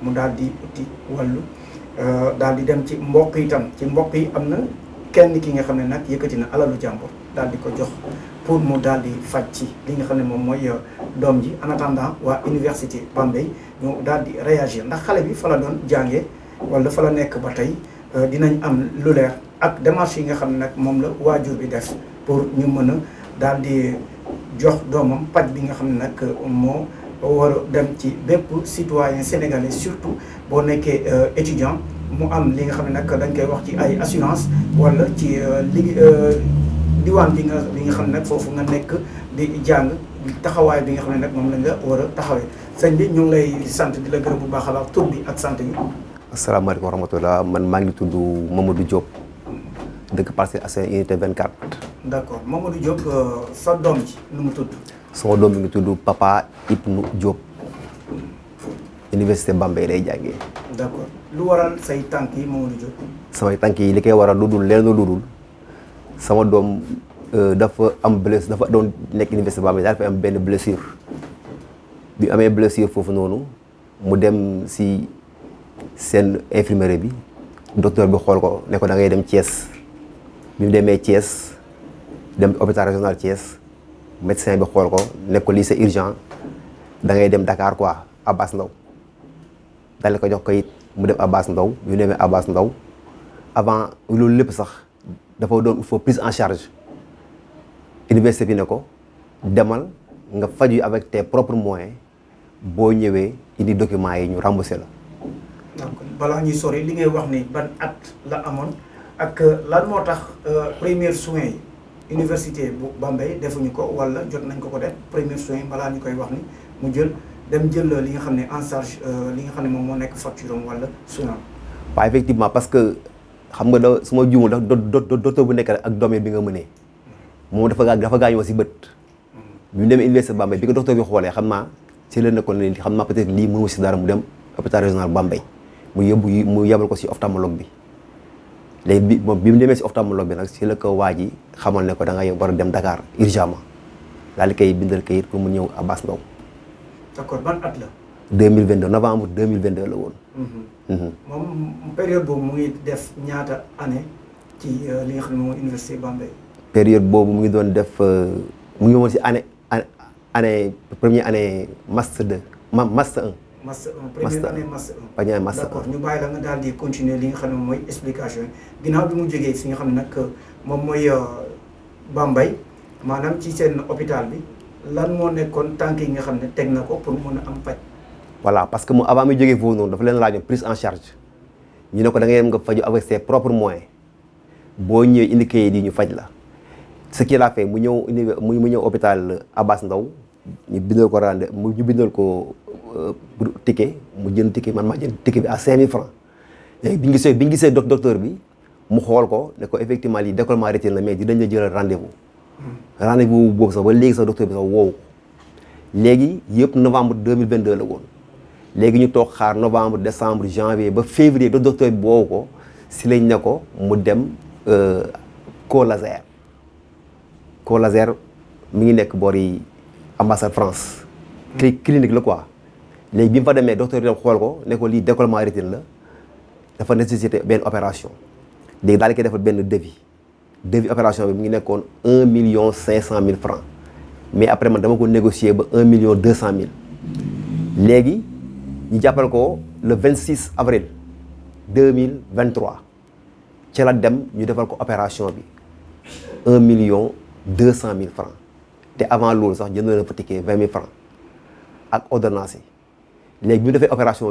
mu daal di uti wàllu euh, daal di dem ci mbokk yi tam ci mbokk yi am na kenn ki nga xam ne nag yëkkati na alalu jàmbur daal di ko jox pour mu daal di faj ci li nga xam ne moom mooy euh, doom ji en waa université Bambey ñu daal di réagir ndax xale bi fa la doon jànge wala fa la nekk ba tey euh, dinañ am lu leer ak démarche yi nga xam ne nag moom la waajur bi def pour ñu mën a daal di jox doomam paj bi nga xam ne nag moo war dem ci bépp citoyen sénégalais surtout bo nekkee euh, étudiant mu am li nga xamné nak dañ koy wax ci ay assurance wala ci euh, li euh, diwaan bi nga bi nga xamné ne nag nga nek di jang taxaway bi nga xamné nak mom la nga war a taxawee sëñ bi ñu lay sante di la gërëm bu baax a baax tur bi ak yi bi. asalaamaaleykum wa rahmatulah man maa ngi tudd Mamadou Diop dëkk Parcelles Assainies unité 24. d'accord Mamadou Diop sa dom ci nu mu tudd. sama doom bi ngi tudd Papa Ibnu job université Bambey day jàngee. Ya. d'accord lu waral say tànk yi Mamadou Diop. samay tànk yi li koy waral lu dul leen lu dul sama doom eh, dafa am blessure dafa doon nekk université Bambey dafa am benn blessure bi amee blessure foofu noonu mu dem si sen infirmerie bi docteur bi xool ko ne ko da ngay dem Thiès bi mu demee Thiès dem hôpital régional Thiès. médecin bi xol ko nekk ko li c'est urgent da ngay dem Dakar quoi Abbas ndaw dale ko jox ko it mu dem Abbas ndaw yu demé Abbas ndaw avant loolu lepp sax dafa doon il faut prise en charge université bi ne ko demal nga faju avec tes propres moyens boo ñëwee indi documents yi ñu remboursé la. donc balaa ñuy sori li ngay wax ni ban at la amoon ak lan moo tax euh, premiers soins yi. université bu Bambey defuñu ko wala jot nañ ko ko def premier soin balaa ñu koy wax ni mu jël dem jël li nga xam ne en charge euh, li nga xam ne moom moo nekk facture am wala soin am waaw parce que xam nga da su ma juumul da docteur bu nekk ak domaine bi nga mënee moom dafa dafa gaañoo si bët bi mu demee université Bambey bi ko docteur bi xoolee xam naa ci la nekkoon ne xam naa peut-être lii mënu si dara mu dem hôpital régional Bambey mu yóbbu mu yebal ko si ophtalmologue bi léegi bi moom bi mu demee si ophtalmologue bi nag si la ko ji xamal ne ko da war a dem Dakar urgemment daal di bindal kayit pour mu ñëw Abass Ndao. d'accord ban at la. 2022 novembre 2022 la woon. Mm-hmm. Mm-hmm. moom période boobu mu ngi def ñaata année ci euh, li nga xam ne moom période boobu mu ngi doon def euh, mu ngi woon si année année première année master 2 master 1. masse euh, 1 première euh, année masse 1 première masse 1 d'accord ñu bàyyi nga daal di li nga xam ne mooy explication yi ginnaaw bi mu jógee fi nga xam ne nag euh, moom mooy mbay maanaam ci seen hôpital bi lan moo nekkoon tànk yi nga xam ne teg na ko pour mën am faj voilà parce que mu avant muy jógee foofu noonu dafa leen laajoon prise en charge ñu ne ko da ngay dem nga faju avec ses propres boo ñëwee indi kayit yi ñu faj la ce qu'il a fait mu ñëw mu ñëw hôpital Abass ndaw ñu bindal ko rendez mu ñu bindal ko euh, ticket mu jënd ticket man maa jënd ticket bi à 5000 francs léegi bi ñu gisee bi ñu gisee docteur bi mu xool ko ne ko effectivement lii décollement rétine la mais dinañ la jëlal rendez-vous. Hmm. rendez-vous boobu sax ba léegi sax docteur bi sax woowu léegi yëpp novembre 2022 la woon léegi ñu toog xaar novembre décembre janvier ba février do docteur bi woowu ko si lañ ne ko mu dem co laser mu ngi nekk boor ambassade France. C'est une clinique. Le quoi. Les bien docteur, il ont dit que c'était un décollement rétine. Il faut nécessiter une opération. Il faut faire un devis. Le devis d'opération est 1 500 000 francs. Mais après, je vais négocier 1 million 200 000. Maintenant, nous avons le 26 avril 2023. Nous avons fait l'opération. 1 200 000 francs avant loolu sax jënd na francs et ordonnance Les bi opération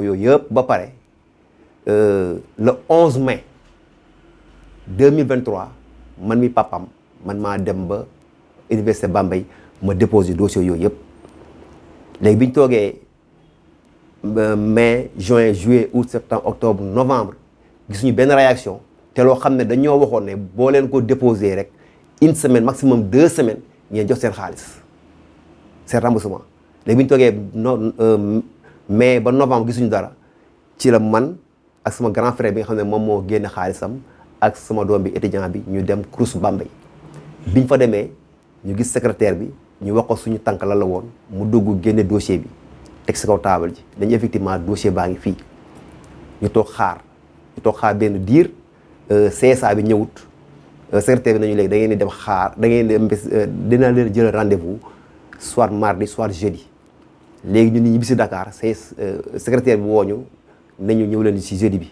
euh, le 11 mai 2023 man mi papam man dem ba université déposé dossier les euh, mai juin juillet août septembre octobre novembre réaction une réaction. dañoo dit déposé une semaine maximum deux semaines ñeen jox seen xaalis seen remboursement léegi bi ñu toogee no euh, mai ba novembre gisuñu dara ci la man ak sama grand frère bi nga xam ne moom moo génne xaalisam ak sama doom bi étudiant bi ñu dem Crous Bambey biñ fa demee ñu gis secretaire bi ñu wax ko suñu tànk la la woon mu dugg génne dossier bi teg si kaw table ji dañu effectivement dossier baa ngi fii ñu toog xaar ñu toog xaar benn diir euh, CSA bi ñëwut CRT bi nañu léegi da ngeen di dem xaar da ngeen di euh, dina leen jël rendez-vous soit mardi soit jeudi léegi ñun ñu bisi Dakar say euh, secrétaire bi wooñu nañu ñëw leen si jeudi bi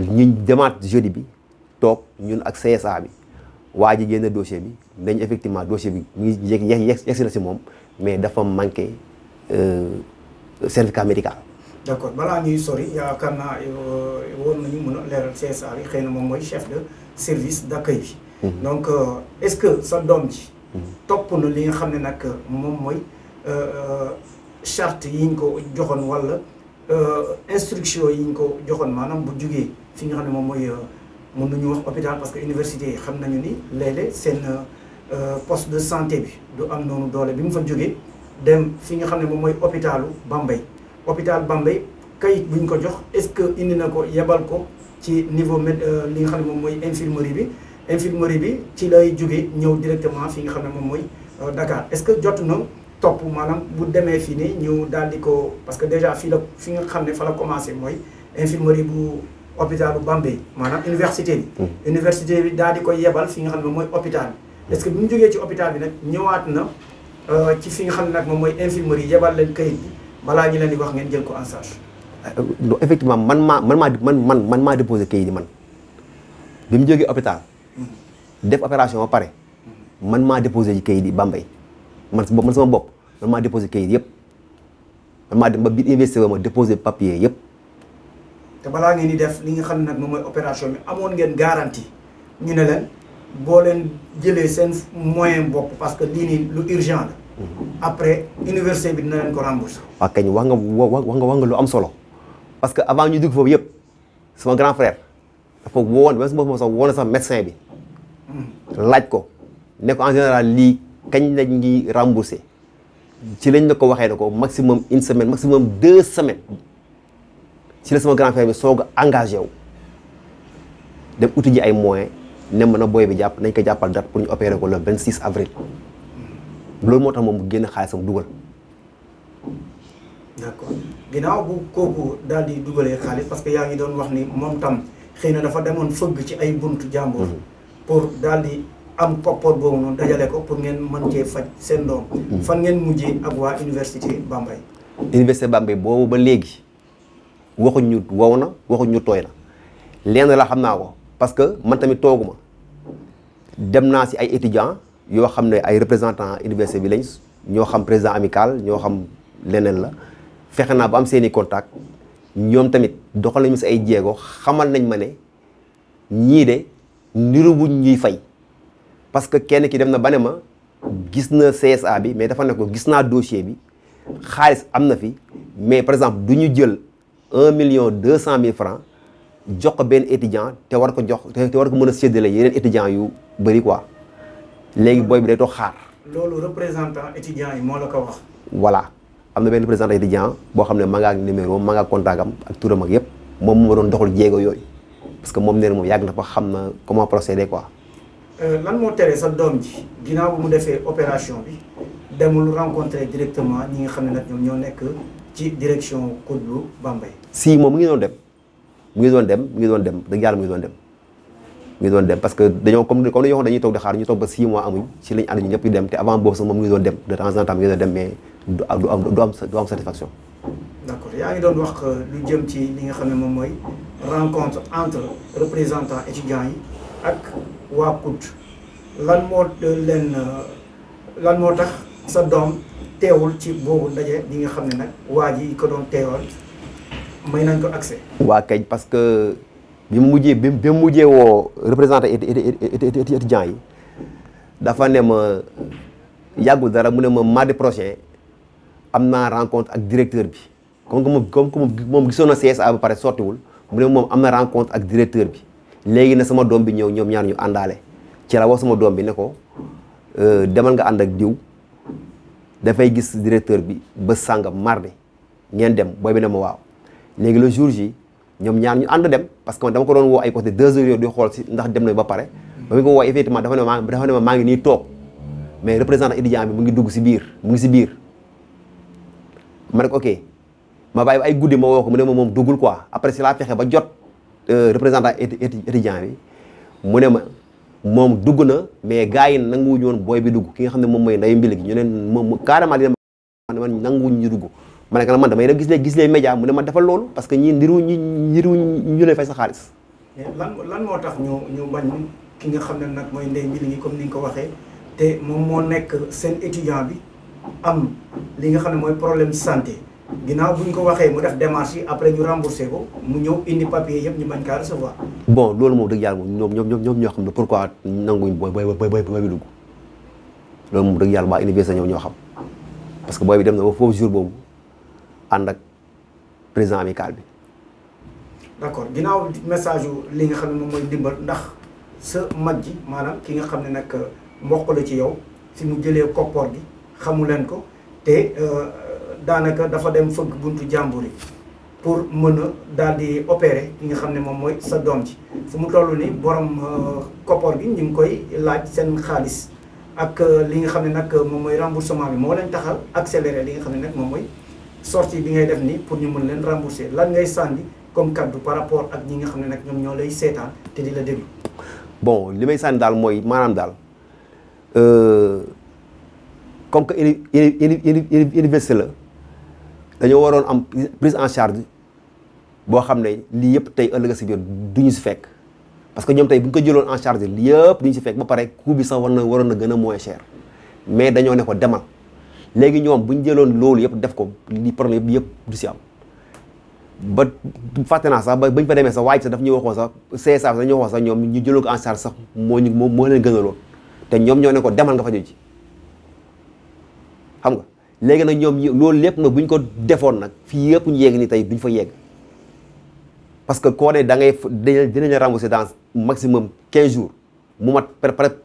ñu demaat jeudi bi toog ñun ak CSA bi waa ji génn dossier bi nañ effectivement dossier bi mu ngi yegg yegg yegg si na si moom mais dafa manqué euh, certificat médical d' accord balaa ñuy sori yaakaar naa euh, woon nañu mën a leeral CSA bi xëy na chef de service d'accueil. accueil mhm. donc euh, est ce que ça donne ji. Mhm. topp na li nga xam nak, nag moom mooy euh, charte yi ko joxoon wala instruction yi ko joxoon maanaam bu jugee fi nga xamné mom moy mënu ñu wax hôpital parce que université yi xam nañu ni léeg-léeg seen poste de santé bi du am non doole bi mu fa jógee dem fi nga xamné mom moy hôpitalu Bambey hôpital Bambay kayit buñ ko jox est-ce que indi nako ko yebal ko ci niveau euh, li nga xam mom moy infirmerie bi infirmerie bi ci lay jóge ñëw directement fi nga xam mom moy euh, Dakar est-ce que jot na topp maanaam bu démé fii nii ñu daal di ko parce que déjà fii la fi nga xam ne fa la commencer moy infirmerie bu hôpitalu Bambay manam université bi. Hmm. université bi daal di ko yebal fi nga xam ne hôpital est-ce que buñ ñu ci hôpital bi nak ñëwaat na euh, ci fi nga xam nak mom moy infirmerie yebal leen kayit bi. balaa ñu leen di wax ngeen jël ko en charge. Euh, effectivement man maa man maa man man man maa déposé kayit yi man bi mu mm-hmm. def opération ba pare. man maa déposé ji kayit yi Bambey man man sama bopp man déposé kayit yëpp man maa dem ba biir investisseur ma déposé papier yëpp. te balaa ngeen di def li nga xam ne nag moom mooy opération bi amoon ngeen garantie ñu ne leen boo leen jëlee seen moyen bopp parce que lii nii lu urgent la. après université bi dina ko rembourser. waaw kañ wax nga wax nga wax nga lu am solo parce que avant ñu dugg fofu yépp sama grand frère dafa woon même sama ma woon na médecin bi laaj ko ne ko en général lii kañ lañ ñuy rembourser ci lañ la ko waxee ne ko maximum une semaine maximum deux semaines ci la sama grand frère bi soog engagé wu dem uti ji ay moyens ne mën a booy bi jàpp nañ ko jàppal date pour ñu opérer ko le 26 avril. loolu moo tax moom mu génn xaalisam dugal. d'accord ginnaaw bu kooku daal di dugalee xaalis parce que yaa ngi doon wax ni moom tam xëy na dafa demoon fëgg ci ay buntu jàmbur. Mm-hmm. pour daal di am koppoor boobu noonu dajale ko pour ngeen man cee faj seen doom. Mm-hmm. fan ngeen mujjee ak waa université Bambey. université Bambey boobu ba léegi waxuñ ñu wow na waxuñ ñu tooy na lenn la xam naa ko parce que man tamit tooguma dem naa si ay étudiants. yoo xam ne ay représentant université bi lañ ñoo xam président amical ñoo xam leneen la fexe naa ba am seen i contact ñoom tamit doxal nañu si ay jéego xamal nañ ma ne ñii de niru bu ñuy fay parce que kenn ki dem na ba ne ma gis na CSA bi mais dafa ne ko gis naa dossier bi xaalis am na fi mais par exemple du ñu jël un million deux cent mille francs jox ko benn étudiant te war ko jox te war ko mën a séddale yeneen étudiants yu bëri quoi léegi booy bi day toog xaar. loolu représentant étudiant yi moo la ko wax. voilà am na benn représentant étudiant boo xam ne ma nga ak numéro ma nga ak contact am ak turam ak yëpp moom moo doxul doxal jéego yooyu parce que moom nee na moom yàgg na fa xam na comment procéder quoi. Euh, lan moo tere sa doom ji ginnaaw bu mu defee opération bi demul rencontrer directement ñi nga xam ne nag ñoom ñoo nekk ci direction Côte bu Bambey. si moom mu ngi doon dem mu ngi doon dem mu ngi doon dem dëgg yàlla mu ngi doon dem. ñu doon dem parce que dañoo comme comme li ñu waxoon dañuy toog di xaar ba 6 amuñ ci lañ ànd ñu ñëpp dem te avant boobu sax moom ñu doon doon dem du am satisfaction. d' yaa ngi doon wax lu jëm ci li nga xam ne moom mooy rencontre entre représentants étudiants yi ak waa COUD lan moo leen lan moo tax sa doom teewul ci boobu ndaje li nga xam ne nag waa ji ko doon teewal may nañ ko accès. waa kañ parce que. bi mu mujjee bi mu mujjee woo représenté étudiants yi dafa ne ma yàggul dara mu ne ma mardi projet am naa rencontre ak directeur bi comme que moom comme que moom gisoon na CSA ba pare sottiwul mu ne moom am na rencontre ak directeur bi léegi na sama doom bi ñëw ñoom ñaar ñu àndaale ci la sama doom bi ne ko euh, demal nga ànd ak diw dafay gis directeur bi ba sàngam mardi ngeen dem booy bi ne ma waaw léegi le jour ji ñoom ñaar ñu ànd dem parce que dama ko doon woo ay côté deux heures yooyu di xool si ndax dem nañ ba pare ba mu ko woo ma dafa nii toog mais représentant étudiant bi mu ngi dugg si mu ngi si biir ne ko ma bàyyi ay guddi ma woo ko mu ma moom duggul quoi après si laa ba jot euh, représentant étudiant bi mu ne ma moom dugg na mais gars yi nanguwuñu woon booy bi dugg ki nga xam ne moom mooy ndeyu mbili gi ñu moom carrément li ne ma man nanguwuñ ñu dugg ma ne ko man damay dem gis les gis les médias mu ne ma defal loolu parce que ñi ndiru ñi ndiru ñu lay fay sa xaalis. lan lan moo tax ñu ñu bañ ki nga xam ne nag ndey mi ngi comme ni ko waxee te moom moo nekk seen étudiant bi am li nga xam ne mooy problème santé ginnaaw bu ñu ko waxee mu def démarche yi après ñu remboursé ko mu ñëw indi papier yëpp ñu bañ kaa recevoir. bon loolu moom dëgg yàlla moom ñoom ñoom ñoom ñoo xam ne pourquoi nanguñ booy booy booy booy bi dugg loolu moom dëgg yàlla waa université ñoom ñoo xam parce que booy bi dem na ba jour boobu. ànd ak président amical bi. d' accord ginnaaw message li nga xam ne moom mooy ndimbal ndax sa mag ji maanaam ki nga xam ne nag euh, mboq la ci yow si mu jëlee koppoor gi xamu leen ko te euh, daanaka dafa dem fëgg buntu jàmbur yi pour mën a di opérer ki nga xam ne moom mooy sa doom ji fu mu toll ni borom euh, koppoor gi ñu ngi koy laaj seen xaalis ak li nga xam ne nag moom mooy remboursement bi moo leen taxal accéléré li nga xam ne nag moom mooy. sorti bi ngay def nii pour ñu mun leen rembourser lan ngay sànni comme kaddu par rapport ak ñi nga xam ne nag ñoom ñoo lay seetaan te di la déglu. bon li may sànni daal mooy maanaam daal euh, comme que université la dañoo waroon am prise en charge boo xam ne lii yëpp tey ëllëg si biir du ñu si fekk parce que ñoom tey bu ñu ko jëloon en charge lii yëpp du ñu si fekk ba pare coût bi sax war na waroon na gën a moins cher mais dañoo ne ko demal. léegi ñoom bu ñu jëloon loolu yëpp def ko li problème bi yëpp du si am ba fàtte naa sax ba bañ fa demee sax waaye sax daf ñuy waxoon sax CSA sax ñu waxoon sax ñoom ñu jëloon ko en charge sax moo ñu moo leen gënaloon te ñoom ñoo ne ko demal nga fa ji xam nga léegi nag ñoom loolu lépp nag bu ñu ko defoon nag fii yëpp ñu yegg ni tey duñ fa yegg parce que koo ne da ngay dinañ la rembourser dans maximum 15 jours mu mat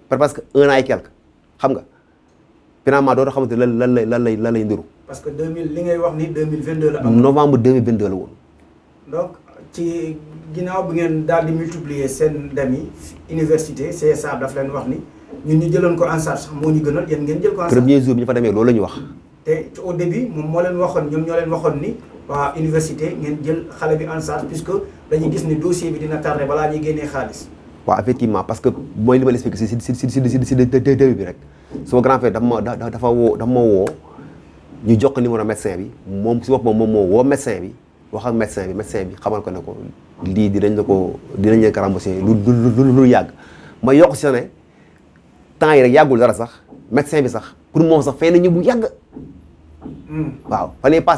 presque un an et quelque xam nga. finalement dootoo xamante lan lan lay lan lay lan lay ndiru. parce que 2000 li ngay wax ni 2022 la. novembre 2022 la woon. donc ci ginaaw bu ngeen dal di multiplier sen dem yi université CSA daf leen wax ni ñun ñu jëloon ko en charge mo ñu gënal yeen ngeen jël ko en charge. premier jour bi ñu fa démé loolu la wax. te au début moom mo leen waxoon ñom ñoo leen waxoon ni wa université ngeen jël xalé bi en charge puisque dañuy gis ni dossier bi dina tarder bala ñuy génnee xaalis. waaw effectivement parce que mooy li ma l'expliqué si si si si si début bi rek sama grand frère dafa moo woo dafa ma woo ñu jox ko numéro médecin bi moom si boppam moom moo woo médecin bi wax ak médecin bi médecin bi xamal ko ne ko lii dinañ la ko dinañ la karambosé lu lu lu yàgg ma yokk si ne temps yi rek yàggul dara sax médecin bi sax pour moom sax fay na ñu bu yàgg waaw fa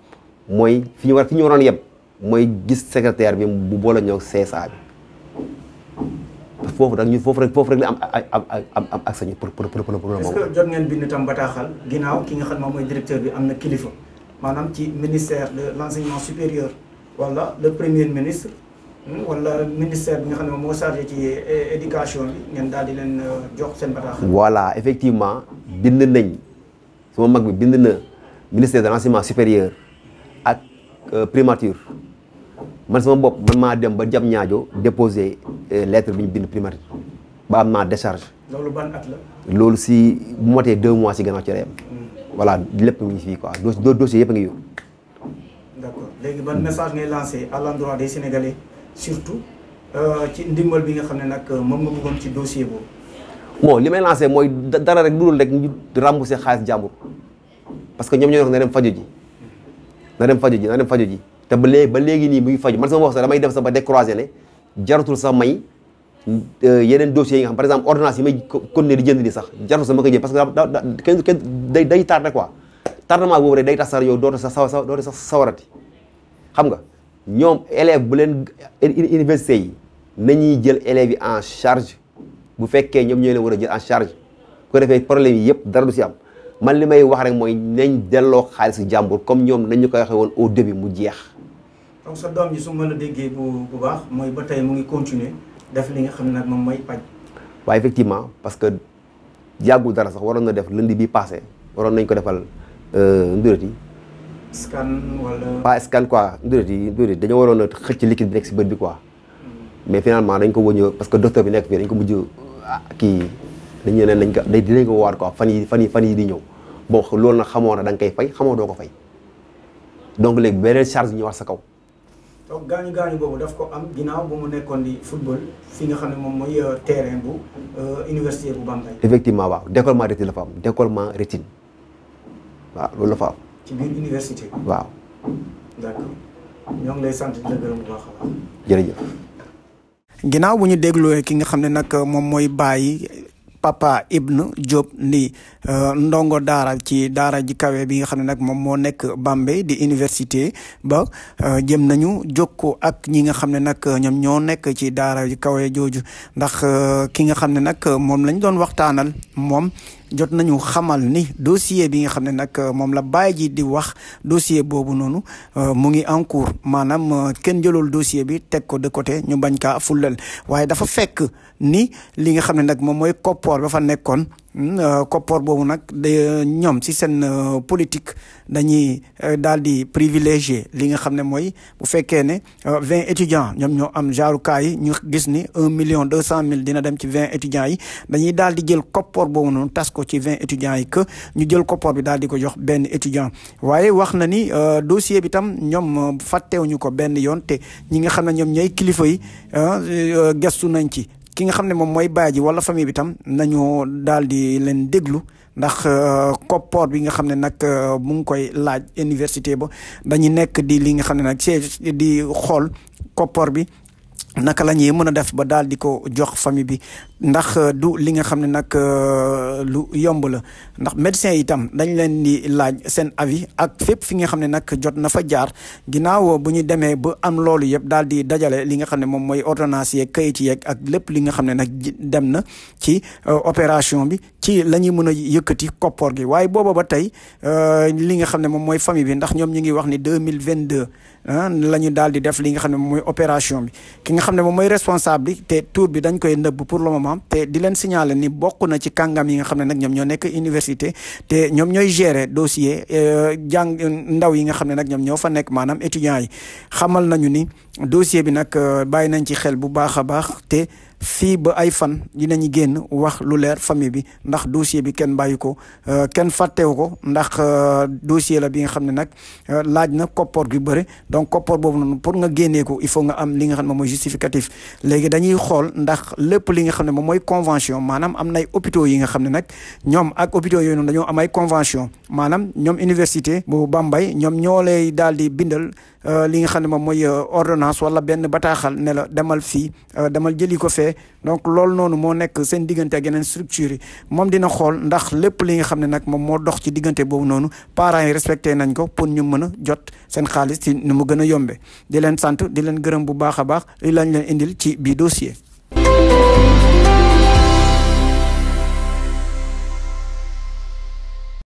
mooy fi ñu war fi ñu waroon yeb mooy gis secrétaire bi bu boole ñoo CSA bi foofu rek ñu foofu rek foofu rek la am am am ak sañu pour pour pour problème est-ce que jot ngeen bind tam bataaxal ginnaaw ki nga xam moom mooy directeur bi am na kilifa maanaam ci ministère de l'enseignement supérieur wala le premier ministre hmm, wala ministère bi nga xam ne moom moo chargé ci éducation bi ngeen daal di leen euh, jox seen bataaxal. voilà effectivement bind nañ suma mag bi bind na ministère de l'enseignement supérieur. Euh, primature man sama bopp man maa dem ba jam ñaajo déposé euh, lettre bi ñu bind primature ba am naa décharge. loolu ban at la. loolu si bu motee deux mois si gannaaw ci reyam. Mm. voilà lépp ngi fii quoi do dossier yëpp a ngi yow. d'accord léegi ban message ngay lancé à des Sénégalais surtout euh, ci ndimbal bi nga xam ne nag moom nga bëggoon ci dossier boobu. bon li may lancé mooy dara rek lu dul rek ñu remboursé xaalis jàmbur parce que ñoom ñoo wax ne dem fajo ji. na dem faju ji na dem faju ji ba léegi ba léegi nii mu ngi faju man sama wax sax damay def sax ba décroiser ne jaratul sax may euh, yeneen dossiers yi nga xam par exemple ordonnance yi may continuer di jënd sax jaratul sax ma koy jënd parce que da kenn kenn day day tardé quoi tardement boobu rek day tax sax yow sa sax sawa dootoo sax sawarati xam nga ñoom élève bu leen université yi nañuy jël élèves yi en charge bu fekkee ñoom ñoo leen war a jël en charge bu ko defee problème yi yëpp dara du si am man li may wax rek mooy nañ delloo xaalisu jàmbur comme ñoom nañu koy waxee woon au début mu jeex. donc sa doom ji su ma la bu bu baax mooy ba tey mu ngi continuer def li nga xam nag moom mooy paj. waaye effectivement parce que yàggul dara sax waroon na def lundi bi passé waroon nañ ko defal euh, ndurati. scan wala. pas scan quoi ndurati ndurati dañoo waroon a xëcc liquide bi nekk si bët bi quoi. Hmm. mais finalement dañ ko wëññoo parce que docteur bi nekk fii dañ ko mujj ah, kii dañu ne nañ ko dinañ ko waar quoi fan yi fan di ñëw. boo loolu nag xamoo na da nga koy fay xamoo doo ko fay donc léegi beneen charge ñu wax sa kaw. donc gaañu gaañu boobu daf ko am ginnaaw bu mu nekkoon di football fi nga xam ne moom mooy euh, terrain bu euh, université bu Bambey. effectivement waaw décollement rétine la fa am décollement rétine waaw loolu la ci biir université. waaw. d'accord ñoo ngi lay a baax. jërëjëf. ginnaaw bu ñu dégloo ki nga xam ne nag moom mooy bàyyi papa Ibn Diop ndi euh, ndongo daara ci daara ji kawe bi nga xam ne nag moom moo nekk Bambey di université ba euh, jëm nañu jokkoo ak ñi nga xam ne nag euh, ñoom ñoo nekk ci daara ji kawe jooju ndax ki nga xam ne nag moom lañ doon waxtaanal moom jot nañu xamal ni dossier bi nga xam ne nag euh, moom la bàyyi ji di wax dossier boobu noonu euh, mu ngi en cours maanaam euh, kenn jëlool dossier bi teg ko de côté ñu bañ ka fullal waaye dafa fekk ni li nga xam ne nag moom mooy koppoor ba fa nekkoon Mm, euh, koppor boobu nag de ñoom si seen euh, politique dañuy euh, daal di privilégié li nga xam ne mooy bu fekkee ne vingt étudiants ñoom ñoo am genre cas yi ñu gis ni un million deux cent mille dina dem ci vingt étudiants yi dañuy daal di jël koppor boobu noonu tas ko ci vingt étudiants yi que ñu jël koppor bi daal di ko jox benn étudiant waaye wax na ni dossier bi tam ñoom fàttewuñu ko benn yoon te ñi nga xam ne ñoom ñooy kilifa yi hein, gestu nañ ci ki nga xam ne moom mooy baay ji wala famille bi tam nañu daal di leen déglu ndax euh, koppoor bi nga xam ne nag euh, mu ngi koy laaj université ba dañu nekk di li nga xam ne nag di xool koppoor bi naka la ñuy mën a def ba daal di ko jox famille bi ndax euh, du li nga xam ne nag euh, lu yomb la ndax médecin yitam dañ leen di laaj seen avis ak fépp fi nga xam ne nag jot na fa jaar ginnaaw euh, bu ñu demee ba am loolu yëpp daal di dajale li nga xam ne moom mooy ordonnance yeeg yeeg ak lépp li nga xam ne nag dem na ci opération bi ci la ñuy mën a yëkkati koppoor gi waaye booba ba tey li nga xam ne moom mooy famille bi ndax ñoom ñu ngi wax ni deux mille vingt deux ah, la ñu daal di def li nga xam ne moom mooy opération bi ki nga xam ne moom mooy responsable bi te tour bi dañ koy nëbb pour le moment développement te di leen signaler ni bokk na ci kàngam yi nga xam ne nag ñoom ñoo nekk université te ñoom ñooy gérer dossier euh, jàng ndaw yi nga xam ne nag ñoom ñoo fa nekk maanaam étudiants yi xamal nañu ni dossier bi nag euh, bàyyi nañ ci xel bu baax a baax te fii ba ay fan dinañu génn wax lu leer famille bi ndax dossier bi kenn bàyyi ko euh, kenn fàttewu ko ndax euh, dossier la bi nga xam ne nag euh, laaj na koppoor gi bëri donc koppoor boobu noonu pour nga génne ko il faut nga am li nga xam ne moom mooy justificatif léegi dañuy xool ndax lépp li nga xam ne moom mooy convention maanaam am nay hôpitaux yi nga xam ne nag ñoom ak hôpitaux yooyu noonu dañoo am ay convention maanaam ñoom université bu Bambey ñoom ñoo lay daal di bindal Euh, li nga xam ne moom mooy euh, ordonnance wala benn bataaxal ne la demal fii euh, demal jëli ko fee donc loolu noonu moo nekk seen diggante ak yeneen structure yi moom dina xool ndax lépp li nga xam ne nag moom moo dox ci diggante boobu noonu parent yi respecté nañ ko pour ñu mën a jot seen xaalis ci nu mu gën a yombe di leen sant di leen gërëm bu baax a baax li lañ leen indil ci bii dossier